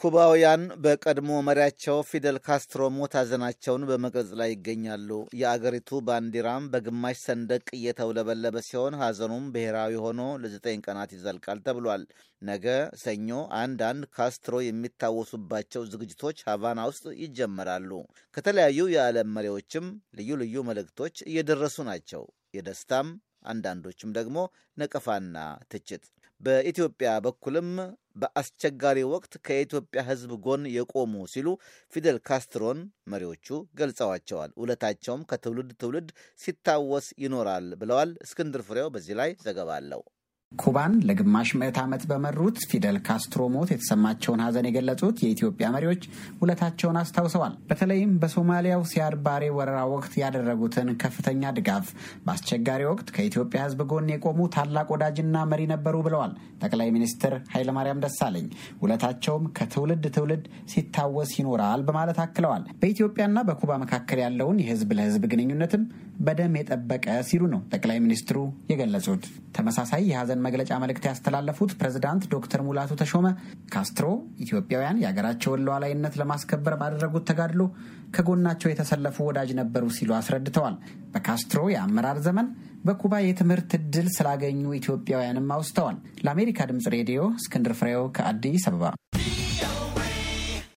ኩባውያን በቀድሞ መሪያቸው ፊደል ካስትሮ ሞት ሐዘናቸውን በመግለጽ ላይ ይገኛሉ። የአገሪቱ ባንዲራም በግማሽ ሰንደቅ እየተውለበለበ ሲሆን ሐዘኑም ብሔራዊ ሆኖ ለዘጠኝ ቀናት ይዘልቃል ተብሏል። ነገ ሰኞ አንዳንድ ካስትሮ የሚታወሱባቸው ዝግጅቶች ሀቫና ውስጥ ይጀመራሉ። ከተለያዩ የዓለም መሪዎችም ልዩ ልዩ መልእክቶች እየደረሱ ናቸው። የደስታም አንዳንዶችም ደግሞ ነቀፋና ትችት። በኢትዮጵያ በኩልም በአስቸጋሪ ወቅት ከኢትዮጵያ ሕዝብ ጎን የቆሙ ሲሉ ፊደል ካስትሮን መሪዎቹ ገልጸዋቸዋል። ውለታቸውም ከትውልድ ትውልድ ሲታወስ ይኖራል ብለዋል። እስክንድር ፍሬው በዚህ ላይ ዘገባ አለው። ኩባን ለግማሽ ምዕት ዓመት በመሩት ፊደል ካስትሮ ሞት የተሰማቸውን ሐዘን የገለጹት የኢትዮጵያ መሪዎች ውለታቸውን አስታውሰዋል። በተለይም በሶማሊያው ሲያድ ባሬ ወረራ ወቅት ያደረጉትን ከፍተኛ ድጋፍ፣ በአስቸጋሪ ወቅት ከኢትዮጵያ ሕዝብ ጎን የቆሙ ታላቅ ወዳጅና መሪ ነበሩ ብለዋል ጠቅላይ ሚኒስትር ኃይለማርያም ደሳለኝ። ውለታቸውም ከትውልድ ትውልድ ሲታወስ ይኖራል በማለት አክለዋል። በኢትዮጵያና በኩባ መካከል ያለውን የሕዝብ ለሕዝብ ግንኙነትም በደም የጠበቀ ሲሉ ነው ጠቅላይ ሚኒስትሩ የገለጹት። ተመሳሳይ የሐዘን መግለጫ መልእክት ያስተላለፉት ፕሬዝዳንት ዶክተር ሙላቱ ተሾመ ካስትሮ ኢትዮጵያውያን የሀገራቸውን ሉዓላዊነት ለማስከበር ባደረጉት ተጋድሎ ከጎናቸው የተሰለፉ ወዳጅ ነበሩ ሲሉ አስረድተዋል። በካስትሮ የአመራር ዘመን በኩባ የትምህርት እድል ስላገኙ ኢትዮጵያውያንም አውስተዋል። ለአሜሪካ ድምጽ ሬዲዮ እስክንድር ፍሬው ከአዲስ አበባ